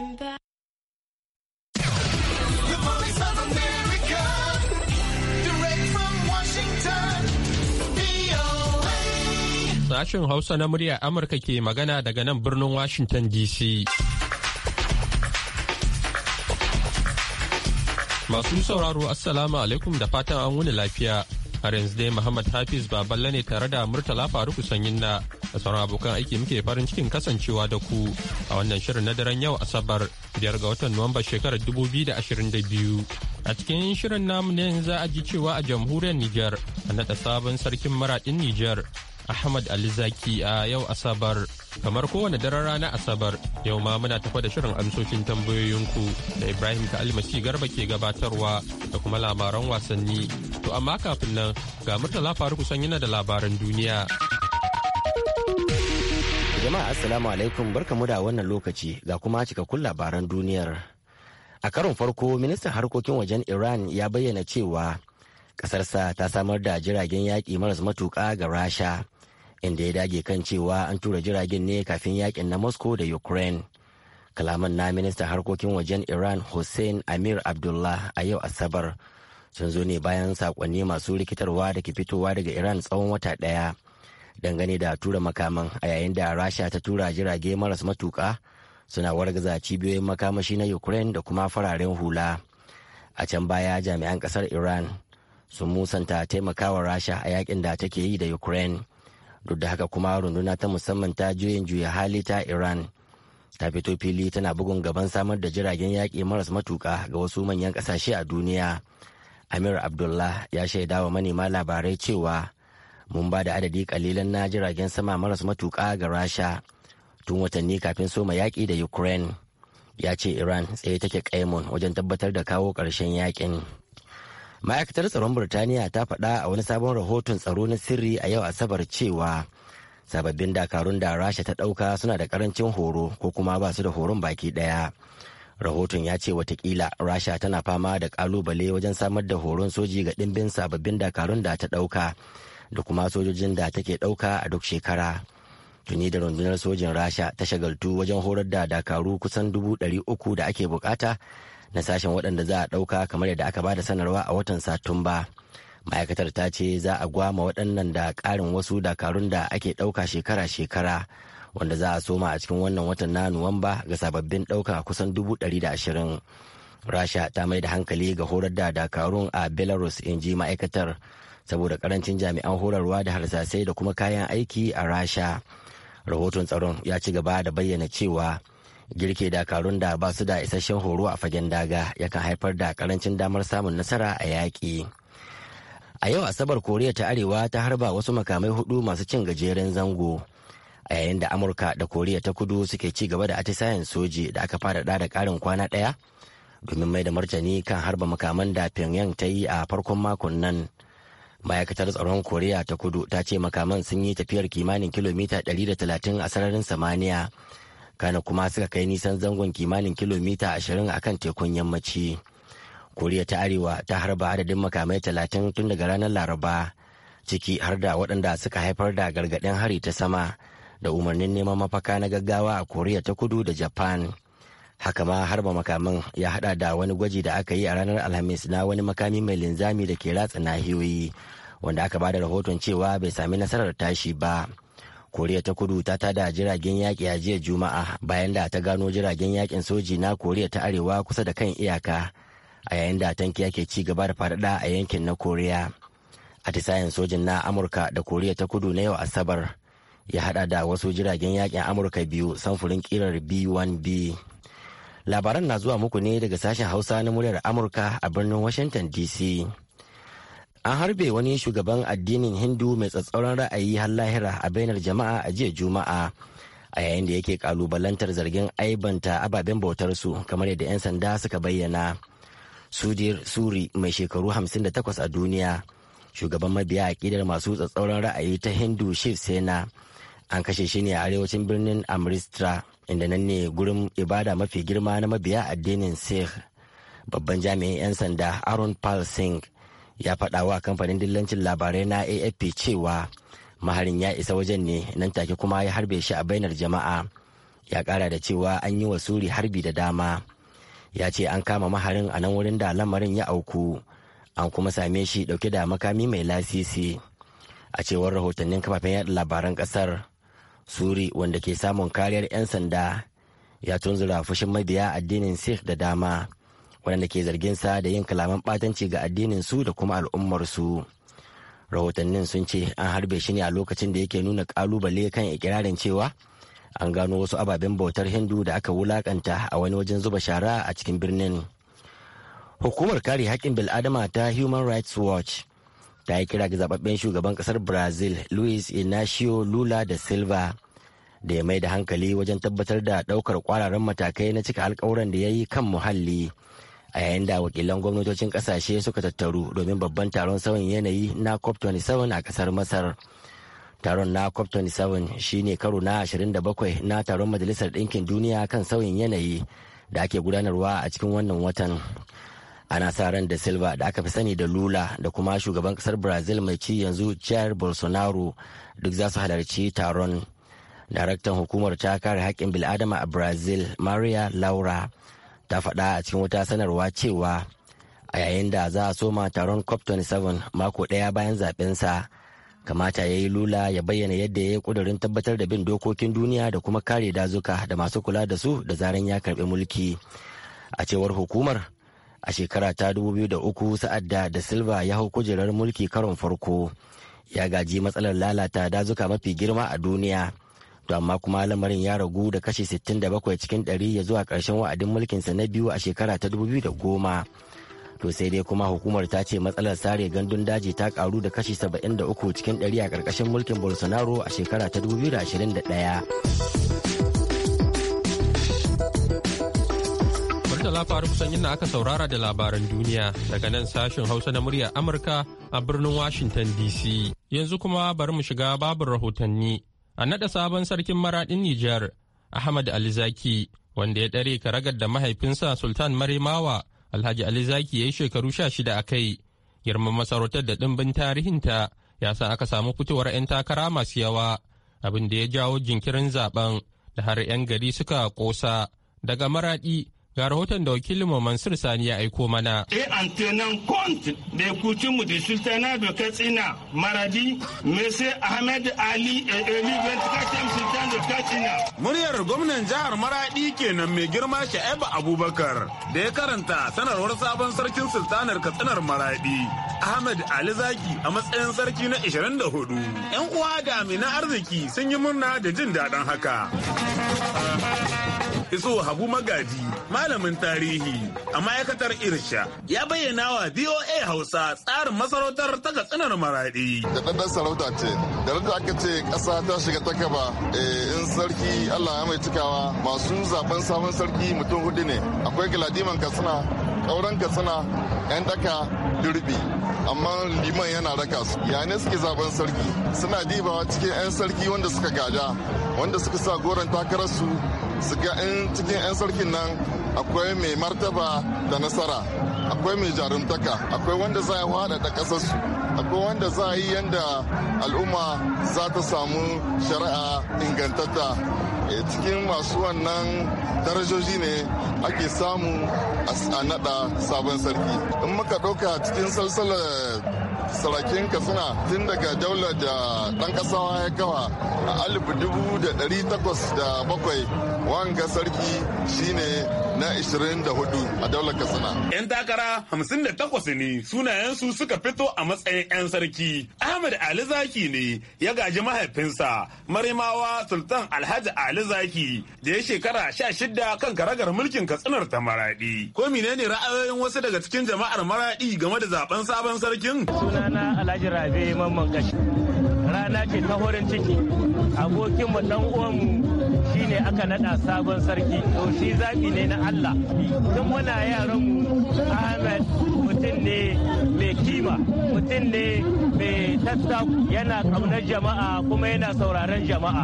Sashen Hausa na murya Amurka ke magana daga nan birnin Washington DC. Masu sauraro Assalamu alaikum da fatan an wuni lafiya. Har yanzu dai Muhammad Hafiz Baballe ne tare da Murtala Faruku Sanyin na da sauran abokan aiki muke farin cikin kasancewa da ku a wannan shirin na daren yau asabar biyar ga watan nuwamba shekarar dubu da da ashirin biyu. a cikin shirin namu ne za a ji cewa a jamhuriyar niger a naɗa sabon sarkin maraɗin niger ahmad ali zaki a yau asabar kamar kowane daren rana asabar yau ma muna tafa da shirin amsoshin tambayoyinku da ibrahim ka almasi garba ke gabatarwa da kuma labaran wasanni to amma kafin nan ga murtala faru kusan yana da labaran duniya Jama'a Assalamu alaikum barkamu da wannan lokaci ga kuma cikakkun labaran duniyar. A karon farko ministan harkokin wajen Iran ya bayyana cewa ƙasarsa ta samar da jiragen yaƙi maras matuƙa ga Rasha inda ya dage kan cewa an tura jiragen ne kafin yaƙin na Moscow da Ukraine. Kalaman na ministan harkokin wajen Iran Hussein Amir Abdullah a yau Asabar sun zo ne bayan saƙonni masu rikitarwa da ke fitowa daga Iran tsawon wata ɗaya. dangane da tura makaman a yayin da rasha ta tura jirage maras matuka suna wargaza cibiyoyin makamashi na ukraine da kuma fararen hula a can baya jami'an kasar iran sun musanta taimakawa rasha a yakin da take yi da ukraine duk da haka kuma runduna ta musamman ta juyin juya hali ta iran ta fito fili tana bugun gaban samar da jiragen yaƙi maras matuka ga wasu manyan ƙasashe a duniya amir abdullah ya shaidawa manema labarai cewa mun ba da adadi kalilan na jiragen sama maras matuƙa ga rasha tun watanni kafin soma yaƙi da ukraine ya ce iran tsaye take kaimun wajen tabbatar da kawo ƙarshen yaƙin ma'aikatar tsaron burtaniya ta faɗa a wani sabon rahoton tsaro na sirri a yau asabar cewa sababbin dakarun da rasha ta ɗauka suna da ƙarancin horo ko kuma ba su da horon baki ɗaya rahoton ya ce watakila rasha tana fama da ƙalubale wajen samar da horon soji ga ɗimbin sababbin dakarun da ta ɗauka da kuma sojojin da take ɗauka a duk shekara. Tuni da rundunar sojin Rasha ta shagaltu wajen horar da dakaru kusan dubu ɗari uku da ake bukata na sashen waɗanda za a ɗauka kamar yadda aka ba da sanarwa a watan Satumba. Ma'aikatar ta ce za a gwama waɗannan da ƙarin wasu dakarun da ake ɗauka shekara-shekara wanda za a soma a cikin wannan watan na Nuwamba ga sababbin ɗauka kusan dubu ɗari da ashirin. Rasha ta mai da hankali ga horar da dakarun a Belarus in ji ma'aikatar saboda karancin jami'an horarwa da harsasai da kuma kayan aiki a rasha rahoton tsaron ya ci gaba da bayyana cewa girke dakarun da ba su da isasshen horo a fagen daga yakan haifar da karancin damar samun nasara a yaƙi a yau asabar koriya ta arewa ta harba wasu makamai hudu masu cin gajeren zango a yayin da amurka da koriya ta kudu suke ci gaba da atisayen soji da aka fara da karin kwana ɗaya domin mai da martani kan harba makaman da pyongyang ta yi a farkon makon nan ma'aikatar tsaron koriya ta kudu ta ce makaman sun yi tafiyar kimanin kilomita 130 a sararin samaniya kana kuma suka kai nisan zangon kimanin kilomita 20 akan tekun yammaci koriya ta arewa ta harba adadin makamai 30 tun daga ranar laraba ciki har da waɗanda suka haifar da gargaɗin hari ta sama da umarnin neman mafaka na gaggawa a koriya ta kudu da japan haka ma harba makaman ya hada da wani gwaji da aka yi a ranar alhamis na wani makami mai linzami da ke ratsa nahiyoyi wanda aka bada rahoton cewa bai sami nasarar tashi ba koriya ta kudu ta tada jiragen yaƙi a jiya juma'a bayan da ta gano jiragen yakin soji na koriya ta arewa kusa da kan iyaka a yayin da tanki yake ci gaba da faɗaɗa a yankin na koriya atisayen sojin na amurka da koriya ta kudu na yau asabar ya hada da wasu jiragen yakin amurka biyu samfurin kirar b1b labaran na zuwa muku ne daga sashen hausa na muryar amurka a birnin washington dc an harbe wani shugaban addinin hindu mai tsatsauran ra'ayi har lahira a bainar jama'a a jiya juma'a a yayin da yake kalubalantar zargin aibanta ababen bautarsu, su kamar yadda 'yan sanda suka bayyana sudir suri mai shekaru 58 a duniya shugaban mabiya akidar masu tsatsauran ra'ayi ta hindu shiv sena an kashe shi ne a arewacin birnin amristra inda nan ne gurin ibada mafi girma na mabiya addinin sikh babban jami'in 'yan sanda aaron paul singh ya faɗa wa kamfanin dillancin labarai na afp cewa maharin ya isa wajen ne nan take kuma ya harbe shi a bainar jama'a ya ƙara da cewa an yi wa suri harbi da dama ya ce an kama maharin a nan wurin da lamarin ya auku an kuma same shi dauke da makami mai lasisi a cewar rahotannin kafafen yaɗa labaran ƙasar suri wanda ke samun kariyar 'yan sanda ya tunzura fushin mabiya addinin sikh da dama waɗanda ke zargin sa da yin kalaman ɓatanci ga addinin su da kuma al'ummarsu rahotannin sun ce an harbe shi ne a lokacin da yake nuna ƙalubale kan ikirarin cewa an gano wasu ababen bautar hindu da aka wulakanta a wani wajen zuba shara a cikin birnin hukumar kare haƙƙin bil'adama ta human rights watch ta yi kira ga zababben shugaban kasar brazil luis inacio lula da silva da ya mai da hankali wajen tabbatar da daukar kwararan matakai na cika alkawuran da ya yi kan muhalli a yayin da wakilan gwamnatocin kasashe suka tattaru domin babban taron sauyin yanayi na cop 27 a kasar masar taron na cop 27 shine karo na 27 na taron majalisar ɗinkin duniya kan sauyin yanayi da ake gudanarwa a cikin wannan watan ana sa ran da silva da aka fi sani da lula da kuma shugaban kasar brazil mai ci yanzu jair bolsonaro duk za su halarci taron daraktan hukumar ta kare haƙƙin bil'adama a brazil maria laura ta faɗa a cikin wata sanarwa cewa a yayin da za a soma taron cop 27 mako ɗaya bayan zaɓensa kamata ya yi lula ya bayyana yadda ya yi ƙudurin tabbatar da bin dokokin duniya da kuma kare dazuka da masu kula da su da zaran ya karɓi mulki a cewar hukumar a shekara ta 2003 sa'ad da da silva ya hau kujerar mulki karon farko ya gaji matsalar lalata dazuka mafi girma a duniya to amma kuma lamarin ya ragu da kashi 67 cikin 100 ya zuwa karshen wa'adin mulkinsa na biyu a shekara ta 2010 to sai dai kuma hukumar ta ce matsalar sare gandun daji ta karu da kashi 73 cikin 100 a karkashin mulkin bolsonaro a shekara ta 2021 Murtala Faruk Sanyin aka saurara da labaran duniya daga nan sashen Hausa na muryar Amurka a birnin Washington DC. Yanzu kuma bari mu shiga babin rahotanni. A naɗa sabon sarkin maraɗin Nijar, Ahmad Alizaki, wanda ya ɗare ragar da mahaifinsa Sultan Maremawa Alhaji Alizaki ya yi shekaru sha shida a kai. Girman masarautar da ɗimbin tarihinta ya sa aka samu fitowar 'yan takara masu yawa, abin da ya jawo jinkirin zaben da har 'yan gari suka ƙosa daga maraɗi ga rahoton da wakilin Mansur Sani ya aiko mana. Et eh, en da compte des mu da sultana da Katsina, Maradi, Mese Ahmed Ali a Eli 24e sultan da Katsina. Muryar gwamnan jihar Maradi kenan mai girma Sha'ib Abubakar da ya karanta sanarwar sabon sarkin sultanar Katsinar Maradi, Ahmed Ali Zaki a matsayin sarki na 24. Yan uwa da mina arziki sun yi murna da jin daɗin haka. iso habu magaji malamin tarihi a ma'aikatar irsha ya bayyana wa DOA hausa tsarin masarautar ta katsinar maraɗi da sarauta ce da da aka ce ƙasa ta shiga ta kaba eh, in sarki allah ya mai cikawa masu zaben sabon sarki mutum hudu ne akwai galadiman katsina ƙauren katsina 'yan daka durbi amma liman yana raka su yane suke zaben sarki suna dibawa cikin 'yan sarki wanda suka gada wanda suka sa goron takararsu su ga in cikin 'yan sarkin nan akwai mai martaba da nasara akwai mai jarumtaka akwai wanda za a haɗaɗa ƙasarsu akwai wanda za a yi yanda al'umma za ta samu shari'a ingantatta eh, cikin masu wannan darajoji ne ake samu a naɗa sabon sarki in muka ɗauka cikin salsalar sarakin suna tun daga daular da ɗan ƙasa ya kawa a alif dubu da da bakwai wanga sarki shine na 24 a daular katsina. 'Yan takara 58 ne sunayensu suka fito a matsayin 'yan sarki. Ahmad Ali Zaki ne ya gaji mahaifinsa Marimawa Sultan Alhaji Ali Zaki da ya shekara 16 kan karagar mulkin katsinar ta maradi. Ko menene ra'ayoyin wasu daga cikin jama'ar maradi game da zaben sabon sarkin? Sunana Alhaji Rabe Mamman Gashi. Rana ce ta horin ciki. Abokinmu ɗan uwanmu shine aka naɗa sabon sarki. To shi zaɓi ne na Allah tun muna yaran mu Ahmed mutum ne mai kima mutum ne mai tattaku yana kaunar jama'a kuma yana sauraron jama'a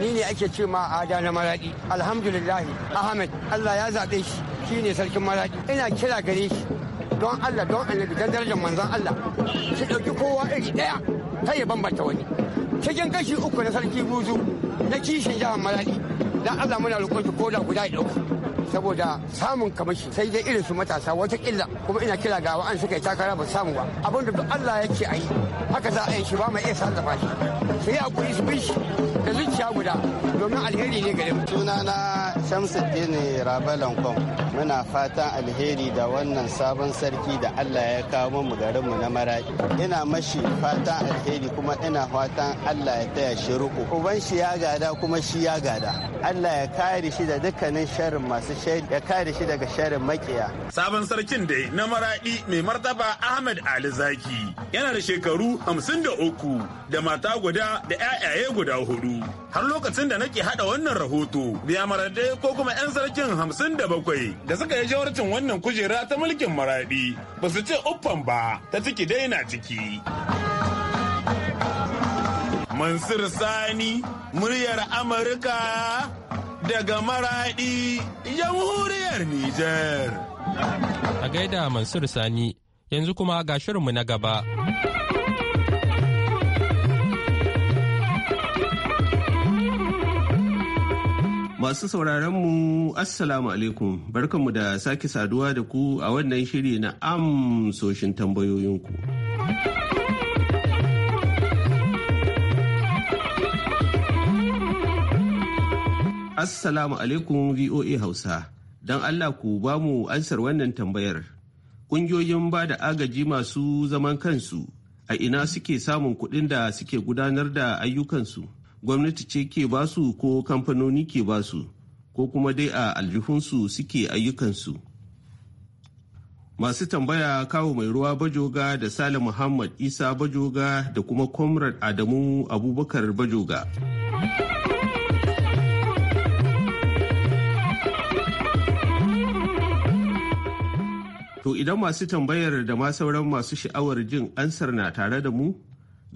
ni ne ake ce ma ada na maraɗi alhamdulillah Ahmed Allah ya zaɓe shi ne sarkin maraɗi ina kira gare shi don Allah don annabi don darajar manzon Allah shi ɗauki kowa iri ɗaya kai ya bambanta wani cikin kashi uku na sarki buzu na kishin jihar maradi dan Allah muna roƙon ko da guda ya saboda samun kamashi sai dai irin su matasa wata illa kuma ina kira ga wa'an suka yi takara ba samu ba abin da duk Allah yake a yi haka za a yi shi ba mai iya sarrafa shi su yi hakuri su bi shi da zuciya guda domin alheri ne gare mu sunana Shamsuddin Rabalan lankon. muna fatan alheri da wannan sabon sarki da allah ya kawo mu garinmu na maraɗi ina mashi fatan alheri kuma ina fatan allah ya taya shi ruku. uban shi ya gada kuma shi ya gada allah ya kare shi da dukkanin sharrin masu shari ya kare shi daga sharrin makiya sabon sarkin dai na maraɗi mai martaba Ahmad ali zaki yana da shekaru hamsin da mata guda da 'ya'yaye guda hudu har lokacin da nake hada wannan rahoto biya maraɗe ko kuma 'yan sarkin hamsin da da suka yi jawarcin wannan kujera ta mulkin maraɗi ba su ce uffan ba ta ciki daina na ciki. Mansur Sani, muryar Amurka daga maradi jamhuriyar Nijar. A gaida Mansur Sani, yanzu kuma ga shirinmu na gaba. Masu sauraronmu Assalamu alaikum barkanmu da sake saduwa da ku a wannan shiri na amsoshin tambayoyinku. Assalamu alaikum VOA Hausa, don Allah ku ba mu ansar wannan tambayar. Ƙungiyoyin ba da agaji masu zaman kansu a ina suke samun kuɗin da suke gudanar da ayyukansu. gwamnati ce ke basu ko kamfanoni ke basu ko kuma dai a aljihunsu suke ayyukansu masu tambaya kawo mai ruwa bajoga da sale muhammad isa bajoga da kuma comrade adamu abubakar bajoga to idan masu tambayar da ma sauran masu sha'awar jin ansar na tare da mu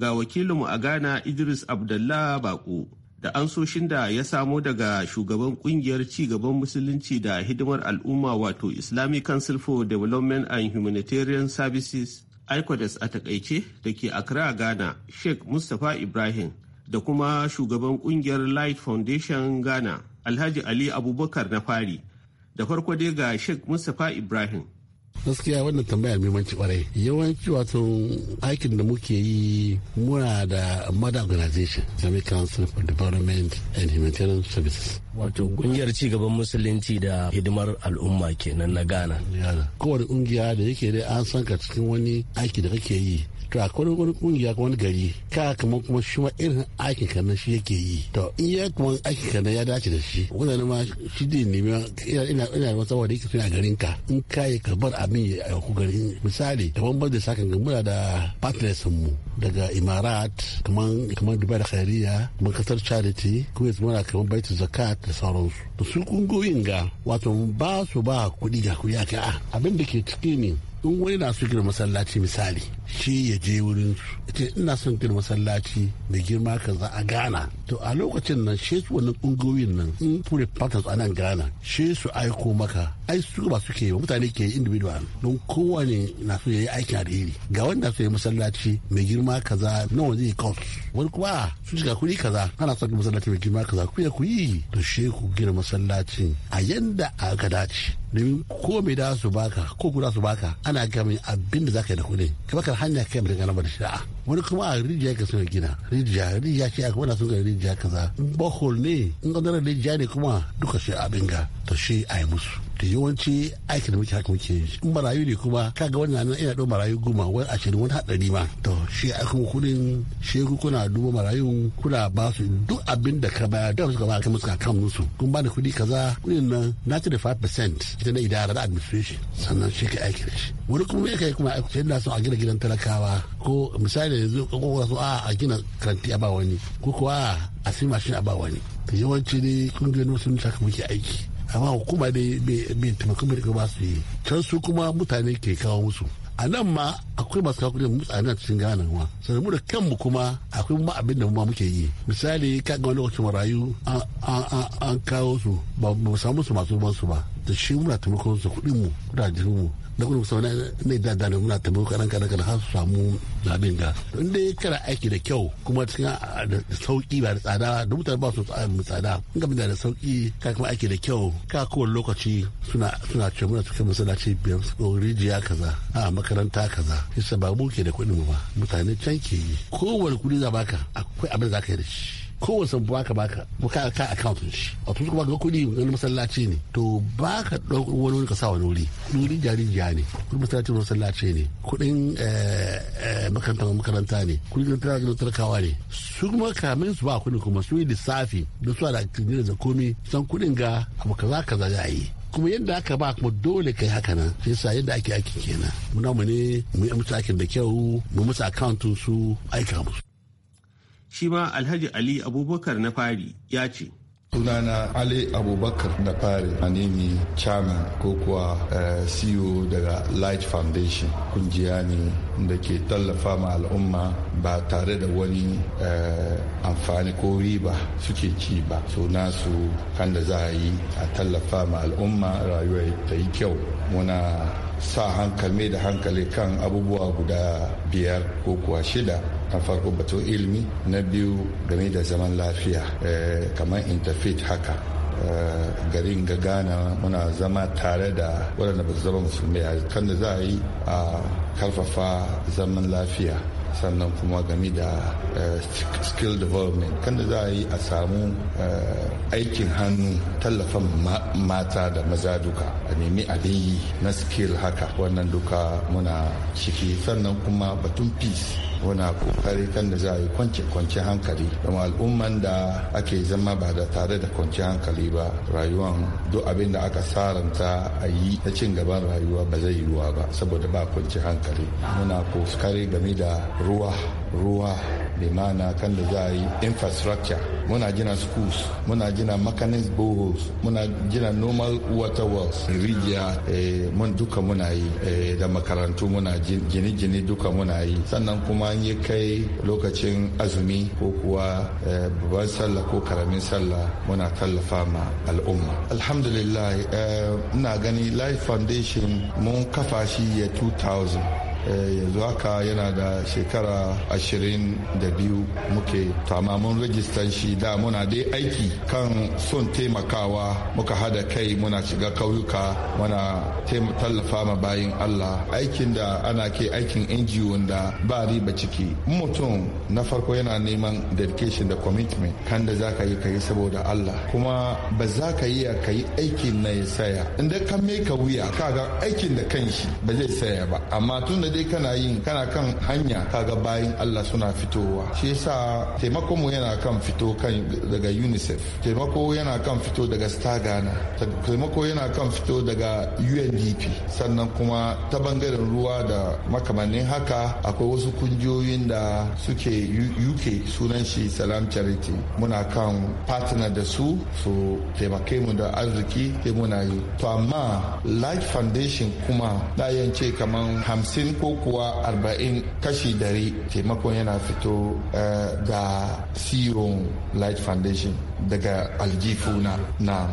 ga wakilinmu a Ghana Idris Abdullah Bako da ansoshin da ya samo daga shugaban kungiyar gaban musulunci da hidimar al'umma wato Islamic Council for Development and Humanitarian Services ICODES a takaice da ke Accra Ghana Sheikh Mustapha Ibrahim da kuma shugaban kungiyar Light Foundation Ghana Alhaji Ali Abubakar na fari da farko dai ga Sheikh Mustapha Ibrahim gaskiya wannan tambaya manci kwarai yawanci wato aikin da muke yi muna da mother organization islamic council for development and humanitarian services wato kungiyar cigaban musulunci da hidimar al'umma kenan na ghana kowane kungiya da yake dai an sanka cikin wani aiki da kake yi to akwai wani kungiya wani gari ka kamar kuma shi ma irin aikin ka shi yake yi to in ya kuma aikin ka ya dace da shi wannan ma shi ne nema ina ina ina wata wanda yake suna garin ka in ka yi ka bar abin ya ku garin misali da bambar da sakan muna da partners mu daga imarat kaman kaman dubai da khairiya Kaman kasar charity kuma muna kamar baitul zakat da sauransu da su kungiyoyin ga wato ba su ba kuɗi ga kuɗi a abin da ke ciki ne in wani na so gina masallaci misali shi ya je wurin su. ce ina son gina masallaci mai girma kaza a gana to a lokacin nan shi su wannan kungiyoyin nan in pure patterns a nan ghana shi su aiko maka ai su ba suke yi mutane ke yi individual don kowane na so ya yi aikin alheri ga wanda so ya masallaci mai girma kaza wani zai kawo wani kuma ah, su shiga kuɗi kaza ana son masallaci mai girma kaza ku ya ku yi to shi ku gina masallacin a yanda aka dace domin ko mai da su baka ko guda su baka ana gami abin da zaka yi da kuɗin ka baka hanya kai mai gana da sha'a wani kuma a rijiya ka suna gina rijiya rijiya ce kuma na suna rijiya kaza bohol ne in ka rijiya ne kuma duka shi abin ga to a yi musu da yawanci aikin da muke haka muke yi in marayu ne kuma ka ga wannan nan ina ɗaukar marayu goma wani ashirin wani haɗari ma to shi a kuma kuɗin shi kuna duba marayu kuna ba su duk abin da ka bayar da suka ba ka musu kan musu kun ba da kuɗi kaza kuɗin nan na ci da 5% ita na idara da administration sannan shi ka aiki da shi wani kuma ya kai kuma aiki da su a gina gidan talakawa ko misali yanzu kokowa su a a gina karanti a ba wani ko kuwa a sai mashin a ba wani yawanci ne kungiyar sun shaka muke aiki amma hukuma ne bai taimakon mai ba su yi can su kuma mutane ke kawo musu a nan ma akwai masu kawo kudin mutane a cikin gana ma sannan mu da kanmu kuma akwai ma abin da ma muke yi misali ka ga wani lokacin marayu an kawo su ba mu samu su masu ban su ba da shi muna taimakon su kudin mu kudajen mu da kuma sau ne da da muna tambayi karan karan kan har su samu abin ga in dai kana aiki da kyau kuma cikin ah, sauki ba da tsada da mutane ba su tsada in ga da sauki ka kuma aiki da kyau ka kowane lokaci suna suna ce muna cikin masallaci biyar su rijiya kaza a makaranta kaza isa ba mu ke da kuɗin mu ba mutane can ke yi kowane kuɗi za baka akwai abin da za ka yi da shi kowace baka baka ka ka account shi a tusu kuma ga kudi wani masallaci ne to baka ɗaukar wani wuri ka sa wani wuri wuri jari jiya ne kudin masallaci wani masallaci ne kudin eh, eh, makaranta makaranta ne kudin talaka talakawa ne su kuma kamin su ba kudi kuma su yi lissafi da su da akidin da komi san kudin ga abu kaza kaza za yi kuma yadda aka ba kuma dole kai haka nan sai sa yadda ake aiki kenan muna mu ne mu yi aikin da kyau mu musu akauntun su aika musu shi ma alhaji ali abubakar na fari ya ce sunana ali abubakar na fari anini chairman ko kuwa eh, ceo daga light foundation kungiya ne da ke tallafa ma al'umma ba tare da wani eh, amfani ko riba suke ci ba so su kan da za a yi a tallafa ma al'umma rayuwa ta yi kyau muna sa hankali da hankali kan abubuwa guda biyar ko kuwa shida na farko batun ilimi na biyu game da zaman lafiya eh, kamar interfaith haka eh, garin ga ghana muna zama tare da waɗanda ba su zama musulmi a kan da za a yi a karfafa zaman lafiya sannan kuma game da eh, skill development kan da za a yi a samu aikin hannu tallafin mata da maza duka a nemi abin yi na skill haka wannan duka muna ciki sannan kuma batun peace muna kokari kan da za a yi kwance kwance hankali don al'umman da ake zama ba da tare da kwance hankali ba rayuwan duk abin da aka saranta a yi na cin gaban rayuwa ba zai yiwuwa ba saboda ba kwance hankali muna kokari game da ruwa ruwa bi ma'ana kan da za a yi infrastructure muna gina schools muna gina mechanics boreholes muna gina normal water wells rijiya eh, mun duka muna yi eh, da makarantu muna gine-gine duka muna yi sannan kuma an yi kai lokacin azumi ko kuwa eh, babban sallah ko karamin sallah muna tallafa ma al'umma alhamdulillah ina gani life foundation mun kafa shi ya 2000 Eh, yanzu haka yana da shekara ashirin da biyu muke tamamin rajistan shi da muna dai aiki kan son taimakawa muka hada kai muna shiga kauyuka muna tallafa ma bayin allah aikin da ana ke aikin ngo da ba riba ciki mutum na farko yana neman dedication da commitment kan da za ka yi ka saboda allah kuma ba za ka yi ka yi aikin na ya saya inda ka meka wuya kaga aikin da kanshi ba zai saya ba amma tun da sai dai kana yin kana kan hanya kaga bayan Allah suna fitowa shi yasa taimako mu yana kan fito kan daga UNICEF taimako yana kan fito daga Star Ghana taimako yana kan fito daga UNDP sannan kuma ta bangaren ruwa da makamannin haka akwai wasu kungiyoyin da suke UK sunan shi Salam Charity muna kan partner da su so taimake mu da arziki sai muna yi to amma Life Foundation kuma da yance kamar hamsin ko kuwa arba'in kashi dari taimakon yana fito eh, ga siron light foundation daga aljifu na na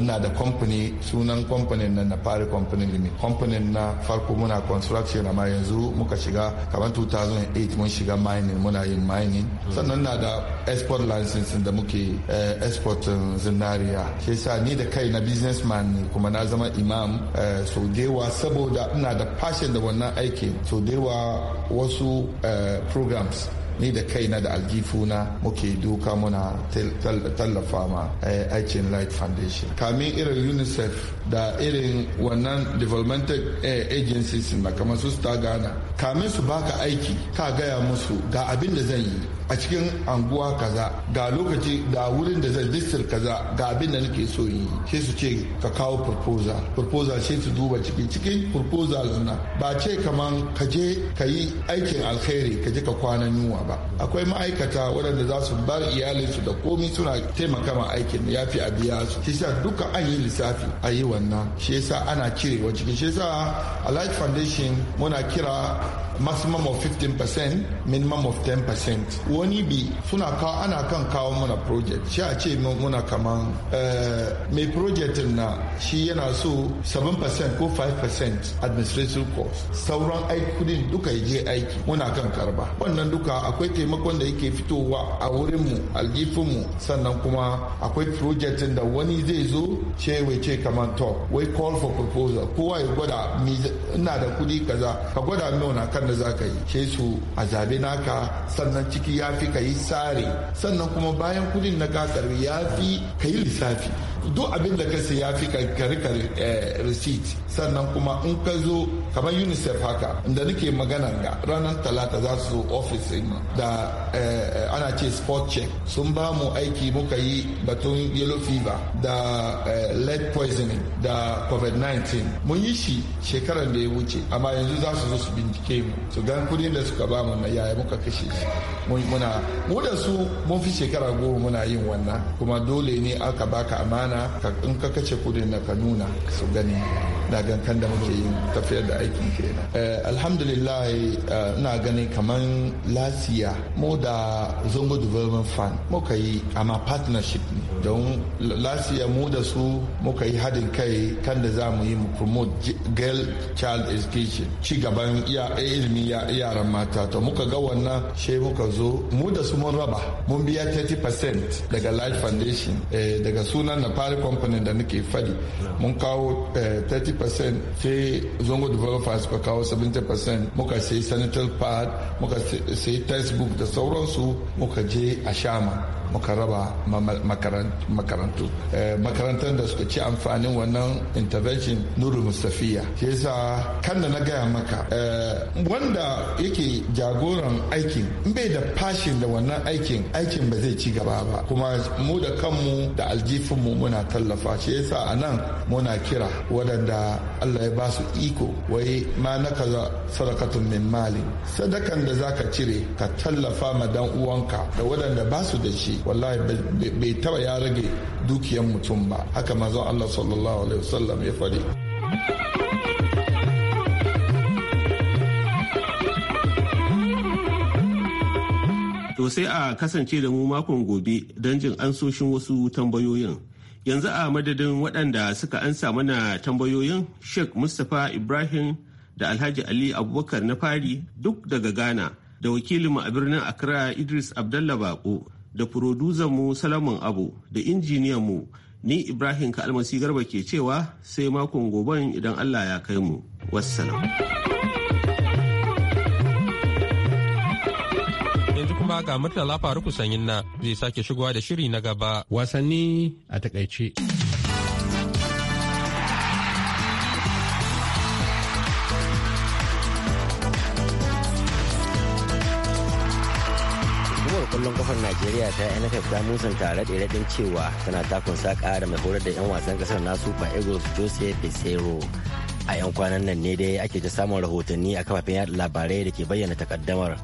na da kamfani sunan kamfanin na na fari kamfanin limit na farko muna construction amma yanzu muka shiga kamar 2008 mun shiga mining muna yin mining sannan na da export license da muke eh, export eh, zinariya shi sa ni da kai na businessman ne kuma na zama imam so dewa saboda ina da fashin da wannan aiki ne so da yawa wasu eh, programs ni da kaina da aljifuna muke duka muna tallafa ma aikin eh, light foundation kamin irin unicef da irin wannan developmental eh, agencies na kamar su ta gana kamin su baka aiki ka gaya musu ga abin da zan yi a cikin anguwa kaza ga lokaci ga wurin da zan district kaza ga abin da nake so yi sai su ce ka kawo proposal proposal sai su duba cikin cikin proposal na ba ce kaman ka je ka yi aikin alkhairi ka je ka kwana yunwa ba akwai ma'aikata waɗanda za su bar iyalinsu da komi suna taimaka ma aikin ya fi a biya su shi duka an yi lissafi a yi wannan shi yasa ana cirewa cikin shi yasa allied foundation muna kira maximum of 15% minimum of 10% wani bi suna kawo ana kan kawo mana project shi a ce muna kaman eh, mai project na shi yana so 7% ko 5% administrative cost sauran kudin duka je aiki muna kan karba wannan duka akwai taimakon da yake fitowa a wurinmu aljifinmu sannan kuma akwai project da wani zai zo ce wai ce kaman to wai call for proposal kowa ya gwada ina da kudi kaza ka gwada min na kan wanda za ka yi sai su a zabe naka sannan ciki ya fi ka yi tsari sannan kuma bayan kudin na ka ya fi ka yi lissafi duk abin da ka sai ya fi ka rika eh, receipt sannan kuma in ka zo kamar unicef haka inda nake magana ga ranar talata za su ofis da eh, ana ce sport check sun ba mu aiki muka yi batun yellow fever da eh, lead poisoning da covid-19 mun yi shi shekarar da ya wuce amma yanzu za su zo su bincike mu su gan kudin da suka ba mu na yaya muka kashe shi muna mu da su mun fi shekara goma muna yin wannan kuma dole ne aka baka amana in ka kace kudin na ka nuna su gani na gankan da muke yin tafiyar da aiki kenan eh, alhamdulillah eh, ina gani kamar lasiya mu da zongo development fund muka yi amma partnership ne don lasiya mu da su muka yi hadin kai kan da za mu yi mu promote girl child education ci gaban eh, ilimin yaran mata to muka ga wannan shi muka zo mu da su mun raba mun biya 30% daga life foundation daga sunan na fari company da nake fadi mun kawo 30% sai zongo development developer suka kawo 70% muka sai sanitar pad muka sai textbook da sauransu muka je a shama muka raba makarantu eh, makarantar da suka ci amfanin wannan intervention nuru mustafiya shi yasa kan da na gaya maka eh, wanda yake jagoran aikin in bai da fashin da wannan aikin aikin ba zai ci gaba ba kuma mu da kanmu da aljifinmu muna tallafa shi yasa a nan muna kira waɗanda allah ya ba su iko wai ma na kaza sadakatun min mali sadakan da za ka cire ka tallafa ma dan uwanka da waɗanda ba su da shi wallahi bai taba ya rage dukiyan mutum ba haka manzon Allah sallallahu alaihi wasallam ya faɗi To sai a kasance da mu makon gobe don jin ansoshin wasu tambayoyin. Yanzu a madadin waɗanda suka ansa mana tambayoyin Sheikh Mustapha Ibrahim da Alhaji Ali Abubakar na fari duk daga Ghana da wakilinmu a birnin Accra Idris Abdallah Bako da mu salamun abu da mu ni ibrahim kalmasi garba ke cewa sai makon goben idan allah ya kai mu wassalam yanzu kuma ga murtala faruku yin na zai sake shigowa da shiri na gaba wasanni a takaice kafar najeriya ta nff ta tare da raɗin cewa tana takun saƙa da mai horar da 'yan wasan kasar nasu ba eagles jose pesero a 'yan kwanan nan ne dai ake ta samun rahotanni a kafafen yada labarai da ke bayyana takaddamar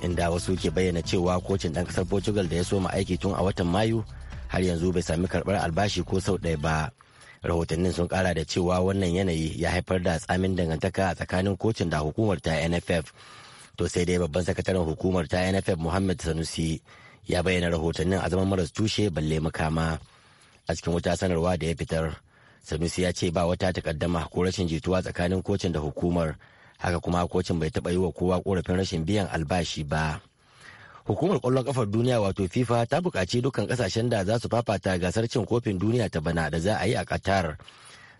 inda wasu ke bayyana cewa kocin dan kasar portugal da ya so soma aiki tun a watan mayu har yanzu bai sami karbar albashi ko sau ɗaya ba rahotannin sun kara da cewa wannan yanayi ya haifar da tsamin dangantaka a tsakanin kocin da hukumar ta nff to sai dai babban sakataren hukumar ta nff muhammad sanusi ya bayyana rahotannin a zaman maras tushe balle makama a cikin wata sanarwa da ya fitar sanusi ya ce ba wata takaddama ko rashin jituwa tsakanin kocin da hukumar haka kuma kocin bai taba yi wa kowa korafin rashin biyan albashi ba hukumar kwallon kafar duniya wato fifa ta buƙaci dukkan kasashen da za su fafata gasar cin kofin duniya ta bana da za a yi a qatar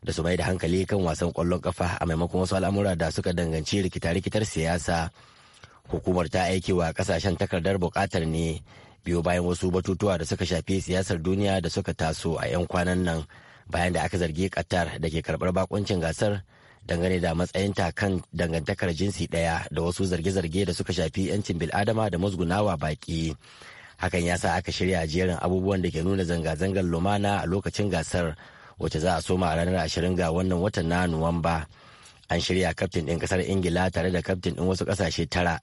da su mai da hankali kan wasan kwallon kafa a maimakon wasu al'amura da suka danganci rikita-rikitar siyasa hukumar ta aike wa kasashen takardar bukatar ne biyo bayan wasu batutuwa da suka shafi siyasar duniya da suka taso a 'yan kwanan nan bayan da aka zargi qatar da ke karbar bakuncin gasar dangane da matsayinta kan dangantakar jinsi ɗaya da wasu zarge-zarge da suka shafi 'yancin bil'adama da musgunawa baki hakan ya sa aka shirya jerin abubuwan da ke nuna zanga-zangar lumana a lokacin gasar wacce za a soma a ranar ashirin ga wannan watan na nuwamba an shirya kaftin ɗin ƙasar ingila tare da kaftin ɗin wasu ƙasashe tara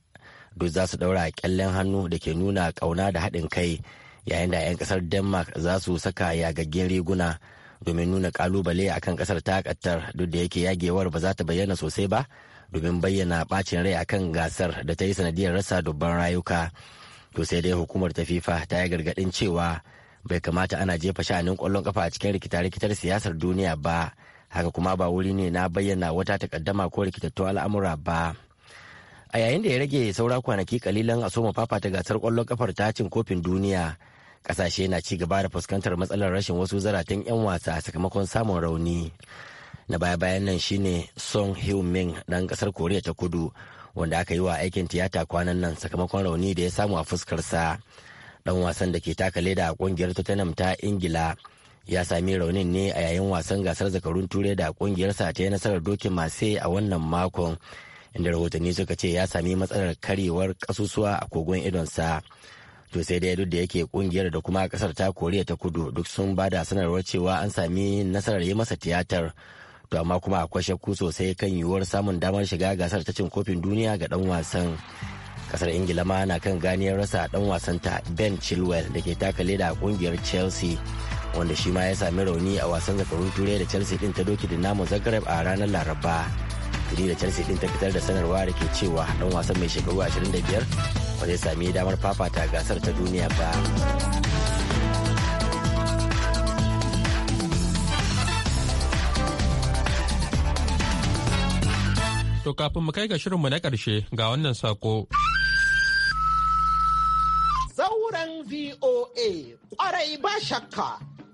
duk za su daura kyallen hannu da ke nuna ƙauna da haɗin kai yayin da 'yan ƙasar denmark za su saka yagaggen riguna domin nuna ƙalubale a kan ƙasar ta duk da yake yagewar ba za ta bayyana sosai ba domin bayyana ɓacin rai a kan gasar da ta yi sanadiyar rasa dubban rayuka to sai dai hukumar ta fifa ta yi gargaɗin cewa bai kamata ana jefa sha'anin ƙwallon kafa a cikin rikita-rikitar siyasar duniya ba haka kuma ba wuri ne na bayyana wata takaddama ko rikitattun al'amura ba a yayin da ya rage saura kwanaki kalilan a soma fafa ta gasar kwallon kafar ta cin kofin duniya kasashe na ci gaba da fuskantar matsalar rashin wasu zaratan 'yan wasa sakamakon samun rauni na baya-bayan nan shine song heung dan kasar koriya ta kudu wanda aka yi wa aikin tiyata kwanan nan sakamakon rauni da ya samu a fuskarsa dan wasan da ke taka leda a kungiyar tottenham ta ingila ya sami raunin ne a yayin wasan gasar zakarun turai da kungiyarsa ta yi nasarar dokin mase a wannan makon inda rahotanni suka ce ya sami matsalar karewar kasusuwa a kogon idonsa to sai dai duk da yake kungiyar da kuma kasar ta koriya ta kudu duk sun ba da sanarwar cewa an sami nasarar yi masa tiyatar to amma kuma akwai shakku sosai kan yiwuwar samun damar shiga gasar ta cin kofin duniya ga dan wasan kasar ingila ma na kan ganiyar rasa dan wasan ta ben chilwell da ke taka leda a kungiyar chelsea wanda shi ma ya sami rauni a wasan zakarun turai da chelsea din ta doki dinamo zagreb a ranar laraba da chelsea din ta fitar da sanarwa da ke cewa dan wasan mai shekaru 25 ba zai sami damar fafata gasar ta duniya ba To kafin mu kai ga shirinmu na karshe ga wannan sako. Zauren VOA, ƙwarai ba shakka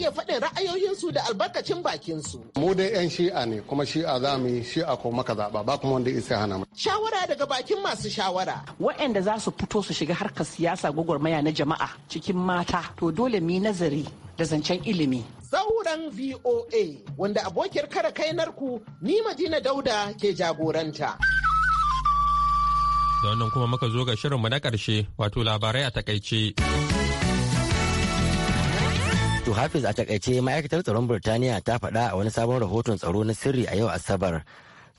iya faɗin ra'ayoyinsu da albarkacin bakinsu. Mu dai 'yan shi'a ne kuma shi'a za mu yi shi'a ko maka zaɓa ba kuma wanda isa hana mana. Shawara daga bakin masu shawara. Waɗanda za su fito su shiga harkar siyasa gwagwarmaya na jama'a cikin mata to dole mu yi nazari da zancen ilimi. Sauran VOA wanda abokiyar kare kai narku ni Madina Dauda ke jagoranta. Da wannan kuma muka zo ga shirin mu na ƙarshe wato labarai a takaice. To Hafiz a takaice ma'aikatar tsaron Birtaniya ta faɗa a wani sabon rahoton tsaro na sirri a yau Asabar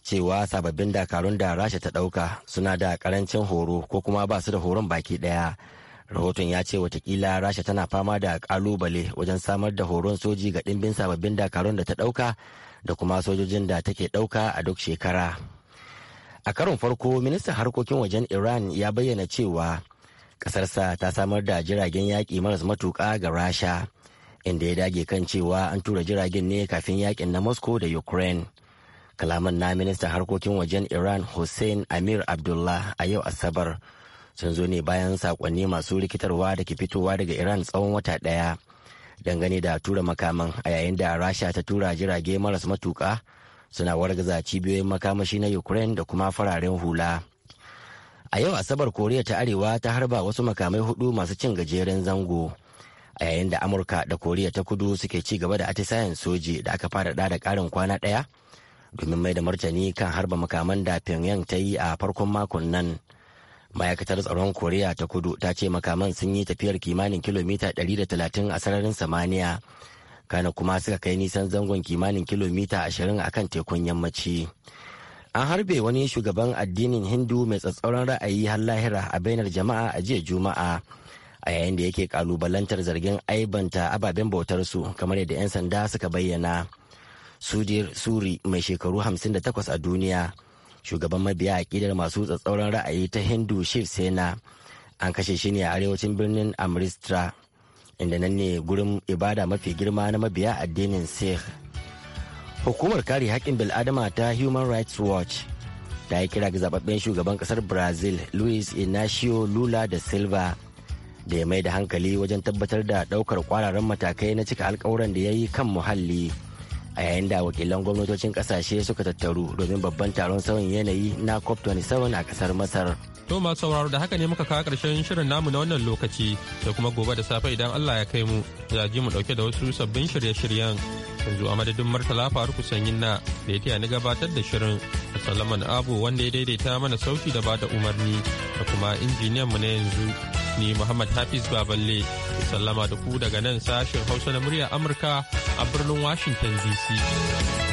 cewa sababbin dakarun da Rasha ta ɗauka suna da ƙarancin horo ko kuma ba su da horon baki ɗaya. Rahoton ya ce watakila Rasha tana fama da ƙalubale wajen samar da horon soji ga ɗimbin sababbin dakarun da ta ɗauka da kuma sojojin da take ɗauka a duk shekara. A karon farko, ministan harkokin wajen Iran ya bayyana cewa ƙasarsa ta samar da jiragen yaƙi maras matuƙa ga Rasha. inda ya dage kan cewa an tura jiragen ne kafin yakin na moscow da ukraine kalaman na ministan harkokin wajen iran hussein amir abdullah a yau asabar sun zo ne bayan sakonni masu rikitarwa da ke fitowa daga iran tsawon wata daya dangane da tura makaman a yayin da rasha ta tura jirage maras matuka suna wargaza cibiyoyin makamashi na ukraine da kuma fararen hula a yau asabar koriya ta arewa ta harba wasu makamai hudu masu cin gajeren zango a yayin da amurka da koriya ta kudu suke ci gaba da atisayen soji da aka fara da karin kwana ɗaya domin mai da martani kan harba makaman da pyongyang ta yi a farkon makon nan ma'aikatar tsaron koriya ta kudu ta ce makaman sun yi tafiyar kimanin kilomita 130 a sararin samaniya kana kuma suka kai nisan zangon kimanin kilomita 20 akan tekun yammaci an harbe wani shugaban addinin hindu mai tsatsauran ra'ayi har lahira a bainar jama'a a jiya juma'a a yayin da yake kalubalantar zargin aibanta ababen bautarsu kamar yadda 'yan sanda suka bayyana sudir suri mai shekaru 58 a duniya shugaban mabiya aƙidar masu tsatsauran ra'ayi ta hindu shiv sena an kashe shi ne a arewacin birnin amritsar inda nan ne gurin ibada mafi girma na mabiya addinin sikh hukumar kare haƙƙin bil'adama ta human rights watch ta yi kira ga zababben shugaban ƙasar brazil luis inacio lula da silva da ya mai da hankali wajen tabbatar da ɗaukar kwararan matakai na cika alkawuran da ya yi kan muhalli a yayin da wakilan gwamnatocin kasashe suka tattaru domin babban taron sauyin yanayi na cop 27 a kasar masar to masu sauraro da haka ne muka kawo karshen shirin namu na wannan lokaci sai kuma gobe da safe idan allah ya kai mu za ji mu dauke da wasu sabbin shirye-shiryen yanzu a madadin martala faru sanyin na da ya taya ni gabatar da shirin da salaman abu wanda ya daidaita mana sauti da bada umarni da kuma injiniyan mu na yanzu Ni Muhammad Hafiz Baballe sallama da ku daga nan sashen Hausa na murya Amurka a birnin Washington DC.